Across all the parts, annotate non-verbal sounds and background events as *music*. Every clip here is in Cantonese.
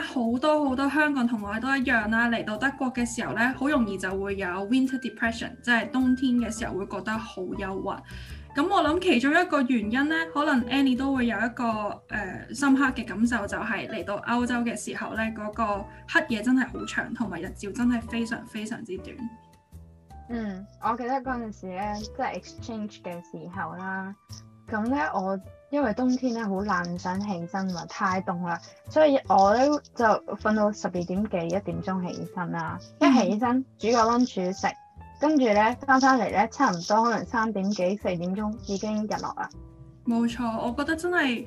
好多好多香港同我都一樣啦，嚟到德國嘅時候咧，好容易就會有 winter depression，即係冬天嘅時候會覺得好憂鬱。咁我諗其中一個原因咧，可能 Annie 都會有一個誒、呃、深刻嘅感受，就係嚟到歐洲嘅時候咧，嗰個黑夜真係好長，同埋日照真係非常非常之短。嗯，我記得嗰陣時咧，即係 exchange 嘅時候啦，咁咧我。因為冬天咧，好難想起身嘛，太凍啦，所以我咧就瞓到十二點幾一點鐘起身啦，嗯、哼一起身煮個 lunch 食，跟住咧翻返嚟咧，差唔多可能三點幾四點鐘已經日落啦。冇錯，我覺得真係。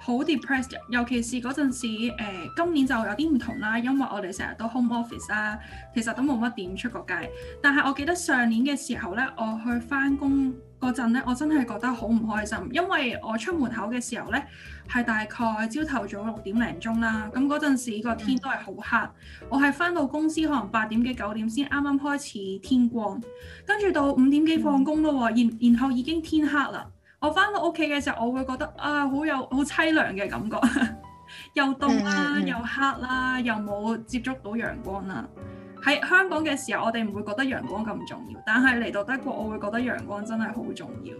好 depressed，尤其是嗰陣時、呃，今年就有啲唔同啦，因為我哋成日都 home office 啦，其實都冇乜點出過街。但係我記得上年嘅時候咧，我去翻工嗰陣咧，我真係覺得好唔開心，因為我出門口嘅時候咧，係大概朝頭早六點零鐘啦，咁嗰陣時個天都係好黑。我係翻到公司可能八點幾九點先啱啱開始天光，跟住到五點幾放工咯喎，然、嗯、然後已經天黑啦。我返到屋企嘅時候，我會覺得啊，好有好淒涼嘅感覺， *laughs* 又凍啦、啊，又黑啦、啊，又冇接觸到陽光啦、啊。喺香港嘅時候，我哋唔會覺得陽光咁重要，但係嚟到德國，我會覺得陽光真係好重要。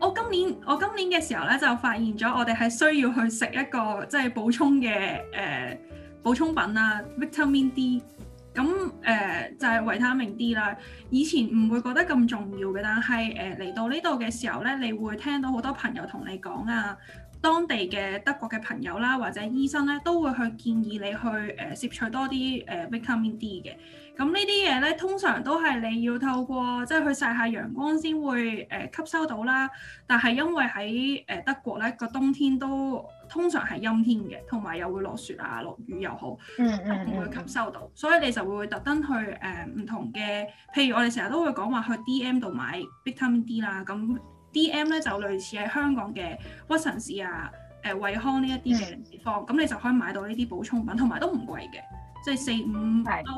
我今年我今年嘅時候呢，就發現咗我哋係需要去食一個即係、就是、補充嘅誒、呃、補充品啦、啊，Vitamin D。咁誒、呃、就係、是、維他命 D 啦，以前唔會覺得咁重要嘅，但係誒嚟到呢度嘅時候咧，你會聽到好多朋友同你講啊，當地嘅德國嘅朋友啦，或者醫生咧，都會去建議你去誒、呃、攝取多啲誒維他命 D 嘅。咁呢啲嘢咧，通常都係你要透過即係、就是、去曬下陽光先會誒、呃、吸收到啦。但係因為喺誒、呃、德國咧個冬天都～通常係陰天嘅，同埋又會落雪啊、落雨又好，都唔、嗯嗯、會吸收到，嗯嗯、所以你就會特登去誒唔、呃、同嘅，譬如我哋成日都會講話去 DM 度買 Vitamin D 啦，咁 DM 咧就類似喺香港嘅屈臣氏啊、誒、呃、惠康呢一啲嘅地方，咁、嗯、你就可以買到呢啲補充品，同埋都唔貴嘅，即係四五都，的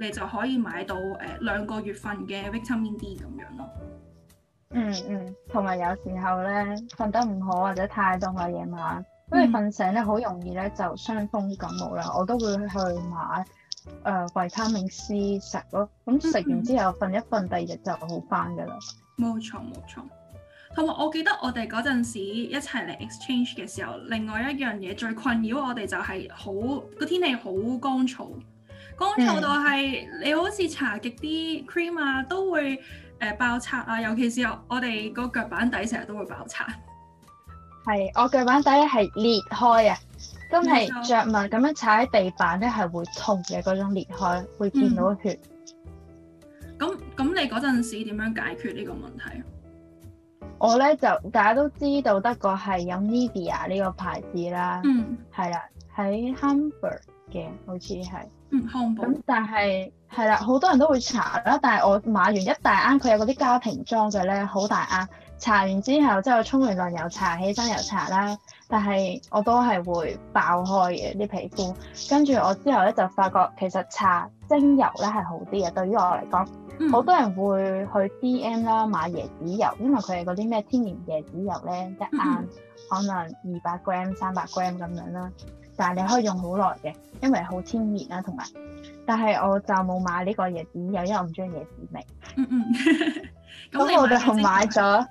你就可以買到誒、呃、兩個月份嘅 Vitamin D 咁樣咯。嗯嗯，同、嗯、埋有時候咧，瞓得唔好或者太凍啦，夜晚，嗯、因為瞓醒咧好容易咧就傷風感冒啦。我都會去買誒、呃、維他命 C 食咯，咁食完之後瞓、嗯嗯、一瞓，第二日就好翻噶啦。冇錯冇錯，同埋我記得我哋嗰陣時一齊嚟 exchange 嘅時候，另外一樣嘢最困擾我哋就係好個天氣好乾燥，乾燥到係、嗯、你好似搽極啲 cream 啊都會。誒爆拆啊！尤其是我哋個腳板底成日都會爆拆，係我腳板底係裂開啊！真係着襪咁樣踩喺地板咧係會痛嘅嗰種裂開，會見到血。咁咁、嗯、你嗰陣時點樣解決呢個問題？我咧就大家都知道德國係有 Nivea 呢個牌子啦，嗯，係啦，喺 Hamburg 嘅好似係。咁、嗯、但係係啦，好多人都會搽啦，但係我買完一大盎佢有嗰啲家庭裝嘅咧，好大盎，搽完之後之後沖完涼又搽，起身又搽啦，但係我都係會爆開嘅啲皮膚，跟住我之後咧就發覺其實搽精油咧係好啲嘅，對於我嚟講，好、嗯、多人會去 DM 啦買椰子油，因為佢係嗰啲咩天然椰子油咧，一盎、嗯、可能二百 gram 三百 gram 咁樣啦。但係你可以用好耐嘅，因為好纖綿啦，同埋，但係我就冇買呢個椰子，因為我唔鍾意椰子味。嗯嗯。 *laughs* *laughs* 咁我哋仲買咗，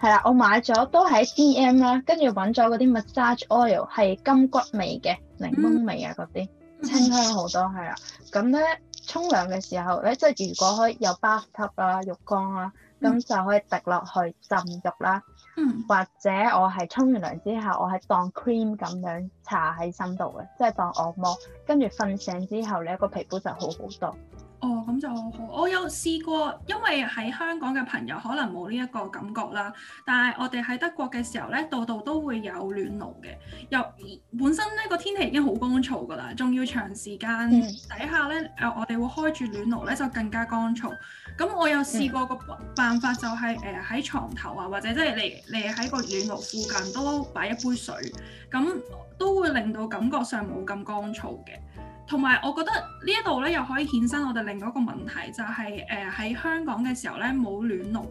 係啦，我買咗都喺 D M 啦，跟住揾咗嗰啲 massage oil 係金骨味嘅檸檬味啊嗰啲， *laughs* 清香好多係啦。咁咧沖涼嘅時候咧，即係如果可以有 bathtub 啦、啊、浴缸啦、啊。咁就可以滴落去浸浴啦，嗯、或者我係沖完涼之後，我係當 cream 咁樣搽喺身度嘅，即係當按摩。跟住瞓醒之後咧，個皮膚就好好多。哦，咁就好好。我有試過，因為喺香港嘅朋友可能冇呢一個感覺啦。但係我哋喺德國嘅時候咧，度度都會有暖爐嘅。又本身呢個天氣已經好乾燥噶啦，仲要長時間底、嗯、下咧，誒、呃、我哋會開住暖爐咧，就更加乾燥。咁我有試過個辦法、就是，就係誒喺床頭啊，或者即係你你喺個暖爐附近都擺一杯水，咁都會令到感覺上冇咁乾燥嘅。同埋我覺得呢一度咧又可以衍生我哋另一個問題、就是，就係誒喺香港嘅時候咧冇暖爐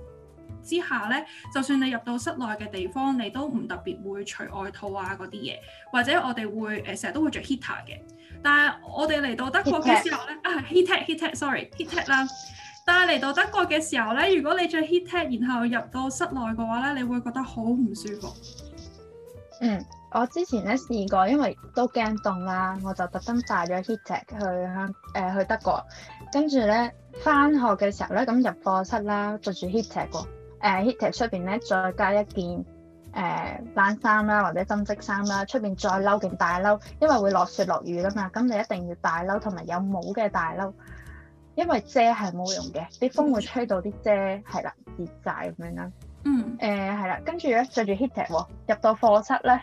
之下咧，就算你入到室內嘅地方，你都唔特別會除外套啊嗰啲嘢，或者我哋會誒成日都會着 heater 嘅。但係我哋嚟到德國嘅時候咧啊 heater heater sorry heater 啦。嚟到德國嘅時候咧，如果你着 heattech，然後入到室內嘅話咧，你會覺得好唔舒服。嗯，我之前咧試過，因為都驚凍啦，我就特登帶咗 heattech 去香誒、呃、去德國，跟住咧返學嘅時候咧，咁入課室啦，着住 heattech，誒 heattech 出邊咧再加一件誒、呃、冷衫啦，或者針織衫啦，出邊再褸件大褸，因為會落雪落雨噶嘛，咁你一定要大褸同埋有帽嘅大褸。因為遮係冇用嘅，啲風會吹到啲遮係啦，熱晒咁樣啦。嗯。誒係啦，跟住咧着住 heattech 喎，Tech, 入到課室咧，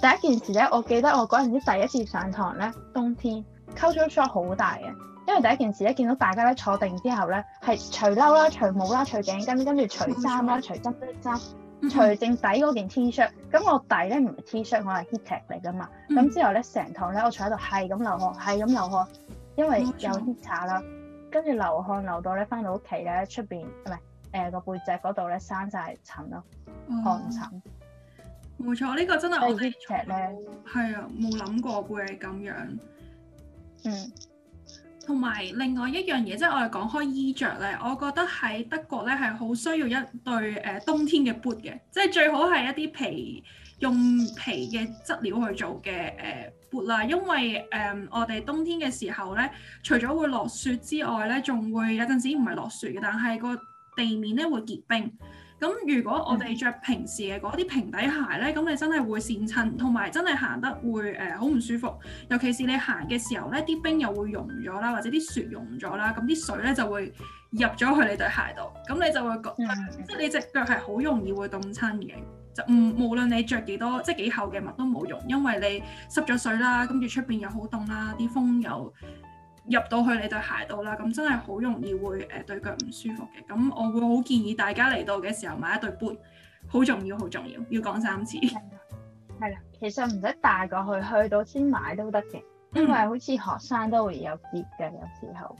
第一件事咧，我記得我嗰陣時第一次上堂咧，冬天，culture shock 好大嘅，因為第一件事咧，見到大家咧坐定之後咧，係除褸啦、除帽啦、除頸巾，跟住除衫啦、除質粒衫，除、嗯、淨底嗰件 T-shirt，咁我底咧唔係 T-shirt，我係 heattech 嚟噶嘛，咁、嗯嗯、之後咧成堂咧我坐喺度係咁流汗，係咁流汗。因為有啲茶啦，跟住錯流汗流到咧，翻到屋企咧，出邊係咪誒個背脊嗰度咧，生晒塵咯，嗯、汗塵。冇錯，呢、這個真係我哋 check 咧。係啊，冇諗過會係咁樣。嗯。同埋另外一樣嘢，即、就、係、是、我哋講開衣着咧，我覺得喺德國咧係好需要一對誒冬天嘅 boot 嘅，即係最好係一啲皮用皮嘅質料去做嘅誒。呃啦，因為誒、嗯，我哋冬天嘅時候咧，除咗會落雪之外咧，仲會有陣時唔係落雪嘅，但係個地面咧會結冰。咁如果我哋着平時嘅嗰啲平底鞋咧，咁你真係會跣親，同埋真係行得會誒好唔舒服。尤其是你行嘅時候咧，啲冰又會融咗啦，或者啲雪融咗啦，咁啲水咧就會入咗去你對鞋度，咁你就會覺得、嗯、即係你隻腳係好容易會凍親嘅。就唔無論你着幾多即係幾厚嘅襪都冇用，因為你濕咗水啦，跟住出邊又好凍啦，啲風又入到去你對鞋度啦，咁真係好容易會誒對腳唔舒服嘅。咁我會好建議大家嚟到嘅時候買一對 boot，好重要，好重要，要講三次。係啦，其實唔使帶過去，去到先買都得嘅，因為好似學生都會有折嘅，有時候。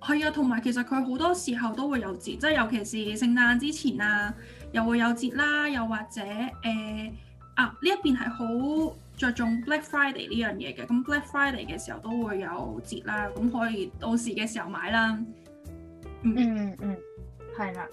係啊，同埋其實佢好多時候都會有折，即係尤其是聖誕之前啊。又會有折啦，又或者誒、呃、啊呢一邊係好着重 Black Friday 呢樣嘢嘅，咁 Black Friday 嘅時候都會有折啦，咁可以到時嘅時候買啦。嗯嗯，係、嗯、啦。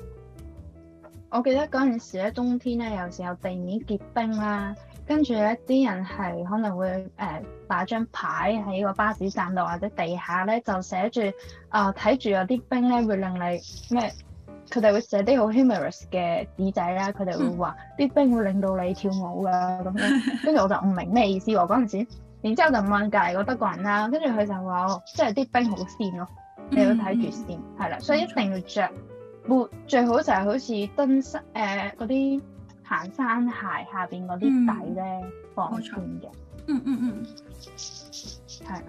我記得嗰陣時咧，冬天咧有時候地面結冰啦，跟住咧啲人係可能會誒擺張牌喺個巴士站度或者地下咧，就寫住啊睇住有啲冰咧會令你咩？佢哋會寫啲好 humorous 嘅紙仔啦，佢哋會話啲、嗯、冰會令到你跳舞啊咁樣，跟住我就唔明咩意思喎嗰陣時。然之後就問隔離個德國人啦，跟住佢就話哦，即係啲冰好跣咯，你要睇住跣，係啦、嗯，所以一定要着。冇錯最好就係好似登山誒嗰啲行山鞋下邊嗰啲底咧防跣嘅。嗯嗯嗯，係、嗯。的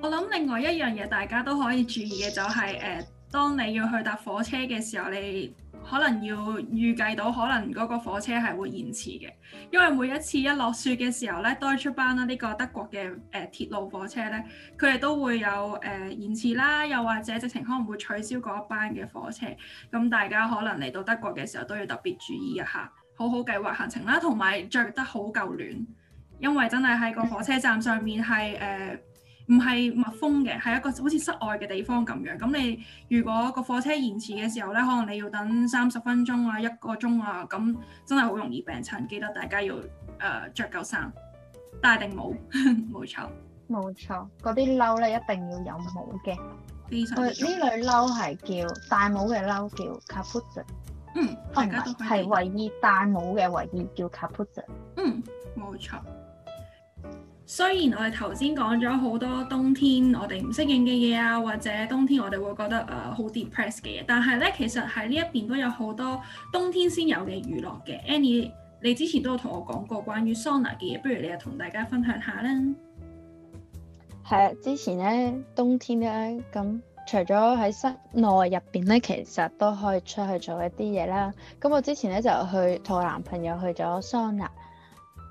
我諗另外一樣嘢大家都可以注意嘅就係、是、誒。Uh, 當你要去搭火車嘅時候，你可能要預計到可能嗰個火車係會延遲嘅，因為每一次一落雪嘅時候咧，都係出班啦。呢個德國嘅誒鐵路火車咧，佢哋都會有誒、呃、延遲啦，又或者直情可能會取消嗰一班嘅火車。咁大家可能嚟到德國嘅時候都要特別注意一下，好好計劃行程啦，同埋着得好夠暖，因為真係喺個火車站上面係誒。呃唔係密封嘅，係一個好似室外嘅地方咁樣。咁你如果個貨車延遲嘅時候咧，可能你要等三十分鐘啊、一個鐘啊，咁真係好容易病殘。記得大家要誒著、呃、夠衫、戴定帽，冇 *laughs* 錯，冇錯。嗰啲褸咧一定要有帽嘅。呢、欸、類褸係叫戴帽嘅褸，叫 Kapuze 嗯，大家都係唯一戴帽嘅唯以衣叫 Kapuze 嗯，冇錯。雖然我哋頭先講咗好多冬天我哋唔適應嘅嘢啊，或者冬天我哋會覺得誒好、呃、depress 嘅嘢，但係咧其實喺呢一邊都有好多冬天先有嘅娛樂嘅。Annie，你之前都有同我講過關於桑拿嘅嘢，不如你又同大家分享下啦。係啊，之前咧冬天咧，咁除咗喺室內入邊咧，其實都可以出去做一啲嘢啦。咁我之前咧就去同我男朋友去咗桑拿。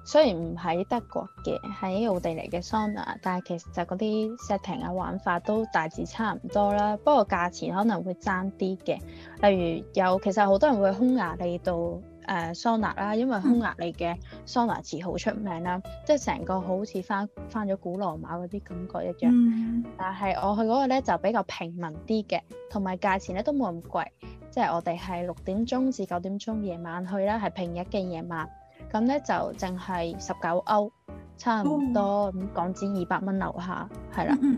雖然唔喺德國嘅，喺奧地利嘅桑拿，但係其實就嗰啲 setting 啊，玩法都大致差唔多啦。不過價錢可能會爭啲嘅。例如有其實好多人會去匈牙利度誒、呃、桑拿啦，因為匈牙利嘅桑拿池好出名啦，即係成個好似返返咗古羅馬嗰啲感覺一樣。嗯、但係我去嗰個咧就比較平民啲嘅，同埋價錢咧都冇咁貴。即、就、係、是、我哋係六點鐘至九點鐘夜晚去啦，係平日嘅夜晚。咁咧就淨係十九歐，差唔多咁港紙二百蚊樓下，係啦、mm。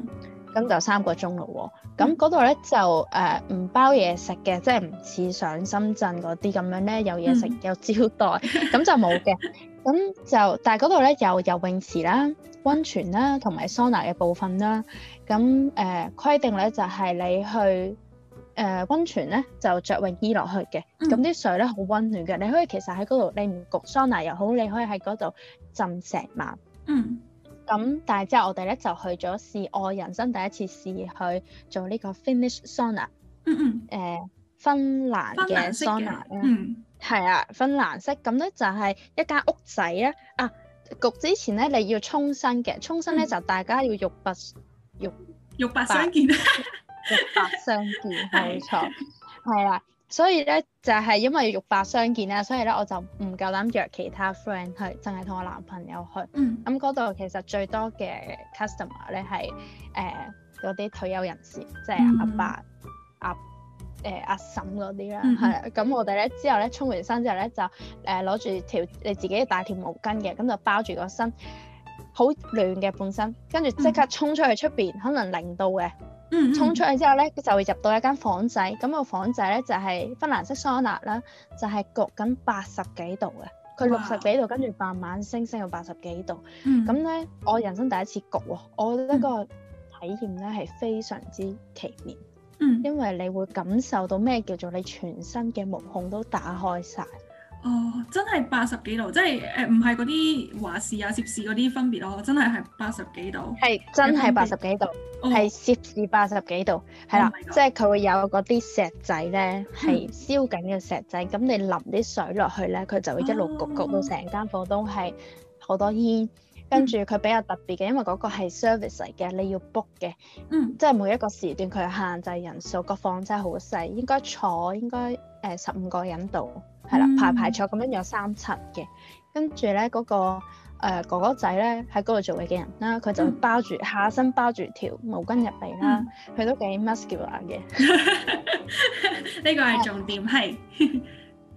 咁、hmm. 就三個鐘咯喎。咁嗰度咧就誒唔、呃、包嘢食嘅，即係唔似上深圳嗰啲咁樣咧有嘢食有招待，咁、mm hmm. 就冇嘅。咁 *laughs* 就但係嗰度咧有游泳池啦、温泉啦同埋桑拿嘅部分啦。咁誒、呃、規定咧就係、是、你去誒溫、呃、泉咧就着泳衣落去嘅，咁啲、嗯、水咧好溫暖嘅，你可以其實喺嗰度，你唔焗桑拿又好，你可以喺嗰度浸成晚。嗯。咁但係之後我哋咧就去咗試，我人生第一次試去做呢個 Finnish sauna。嗯嗯、呃。芬蘭嘅桑拿、啊、嗯。係啊，芬蘭式咁咧就係一間屋仔啊！啊，焗之前咧你要沖身嘅，沖身咧就、嗯、大家要玉帛玉玉帛相見玉帛相見冇錯，係啊， *laughs* 所以咧就係、是、因為玉帛相見啦，所以咧我就唔夠膽約其他 friend 去，淨係同我男朋友去。嗯，咁嗰度其實最多嘅 customer 咧係誒啲、呃、退休人士，即係、嗯啊呃、阿爸阿誒阿嬸嗰啲啦，係咁、嗯、我哋咧之後咧沖完身之後咧就誒攞住條你自己帶條毛巾嘅，咁就包住個身，好暖嘅本身，跟住即刻衝出去出邊，可能零度嘅。衝出去之後咧，佢就會入到一間房仔，咁、那個房仔咧就係芬蘭式桑拿啦，就係、是、焗緊八十幾度嘅，佢六十幾度 Wow. 跟住慢慢升，升到八十幾度。咁咧、mm.，我人生第一次焗喎、哦，我覺得個體驗咧係、mm. 非常之奇妙，因為你會感受到咩叫做你全身嘅毛孔都打開晒。Oh, 呃啊、哦，真係八十幾度，即係誒，唔係嗰啲華氏啊、攝氏嗰啲分別咯，真係係八十幾度，係真係八十幾度，係攝氏八十幾度，係啦，oh、my 即係佢會有嗰啲石仔咧，係燒緊嘅石仔，咁、mm. 嗯、你淋啲水落去咧，佢就會一路焗、oh. 焗到成間房都係好多煙，跟住佢比較特別嘅，因為嗰個係 service 嚟嘅，你要 book 嘅，嗯，mm. 即係每一個時段佢限制人數，個房真係好細，應該坐應該。誒十五個人度，係啦，排排坐咁樣有三層嘅，跟住咧嗰個誒哥哥仔咧喺嗰度做嘢嘅人啦，佢就包住下身包住條毛巾入嚟啦，佢都幾 muscular 嘅，呢個係重點係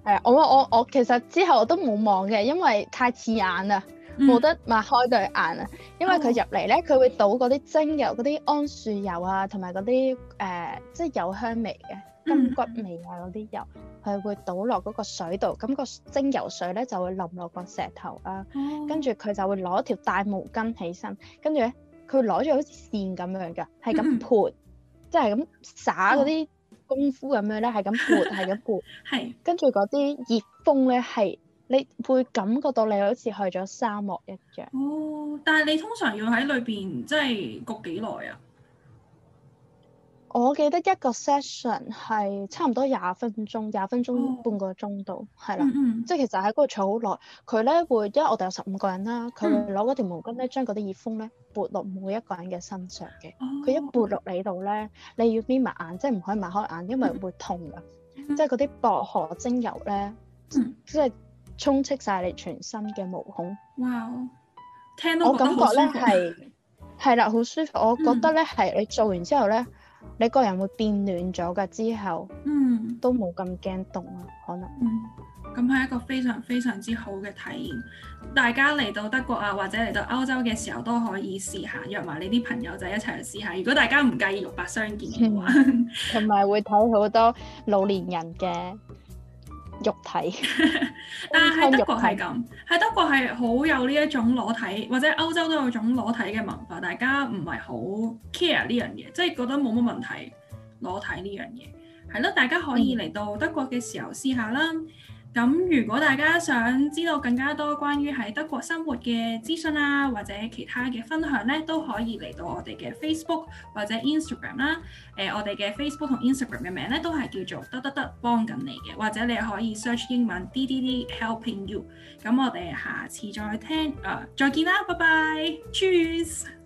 係啊！我我我其實之後我都冇望嘅，因為太刺眼啦，冇得擘開對眼啊！因為佢入嚟咧，佢會倒嗰啲精油，嗰啲桉樹油啊，同埋嗰啲誒即係有香味嘅。金骨味啊，嗰啲油，佢、嗯、會倒落嗰個水度，咁、個精油水咧就會淋落個石頭啦。跟住佢就會攞條大毛巾起身，跟住咧佢攞咗好似扇咁樣嘅，係咁潑，即係咁灑嗰啲功夫咁樣咧，係咁潑，係咁潑。係、就是。跟住嗰啲熱風咧，係你會感覺到你好似去咗沙漠一樣。哦，但係你通常要喺裏邊即係焗幾耐啊？我記得一個 session 係差唔多廿分鐘，廿分鐘半個鐘度，係啦、oh.，嗯嗯、即係其實喺嗰度坐好耐。佢咧會，因為我哋有十五個人啦，佢攞嗰條毛巾咧，將嗰啲熱風咧撥落每一個人嘅身上嘅。佢、oh. 一撥落你度咧，你要眯埋眼，即係唔可以擘開眼，因為會痛㗎。嗯嗯、即係嗰啲薄荷精油咧，嗯、即係充斥晒你全身嘅毛孔。哇、wow.！我感覺咧係係啦，好 *laughs* 舒服。我覺得咧係你做完之後咧。 *laughs* 你個人會變暖咗嘅之後，嗯，都冇咁驚凍啊，可能。嗯，咁係一個非常非常之好嘅體驗。大家嚟到德國啊，或者嚟到歐洲嘅時候都可以試下，約埋你啲朋友仔一齊嚟試下。如果大家唔介意玉帛相見嘅話，同埋、嗯、 *laughs* 會睇好多老年人嘅。肉體， *laughs* 但係德國係咁，喺德國係好有呢一種裸體，或者歐洲都有種裸體嘅文化，大家唔係好 care 呢樣嘢，即係覺得冇乜問題裸體呢樣嘢，係咯，大家可以嚟到德國嘅時候試下啦。咁如果大家想知道更加多關於喺德國生活嘅資訊啦，啊，或者其他嘅分享呢，都可以嚟到我哋嘅 Facebook 或者 Instagram 啦。誒、呃，我哋嘅 Facebook 同 Instagram 嘅名呢，都係叫做得得得幫緊你嘅，或者你可以 search 英文滴滴滴 helping you。咁我哋下次再聽，誒、呃，再見啦，拜拜，Cheers！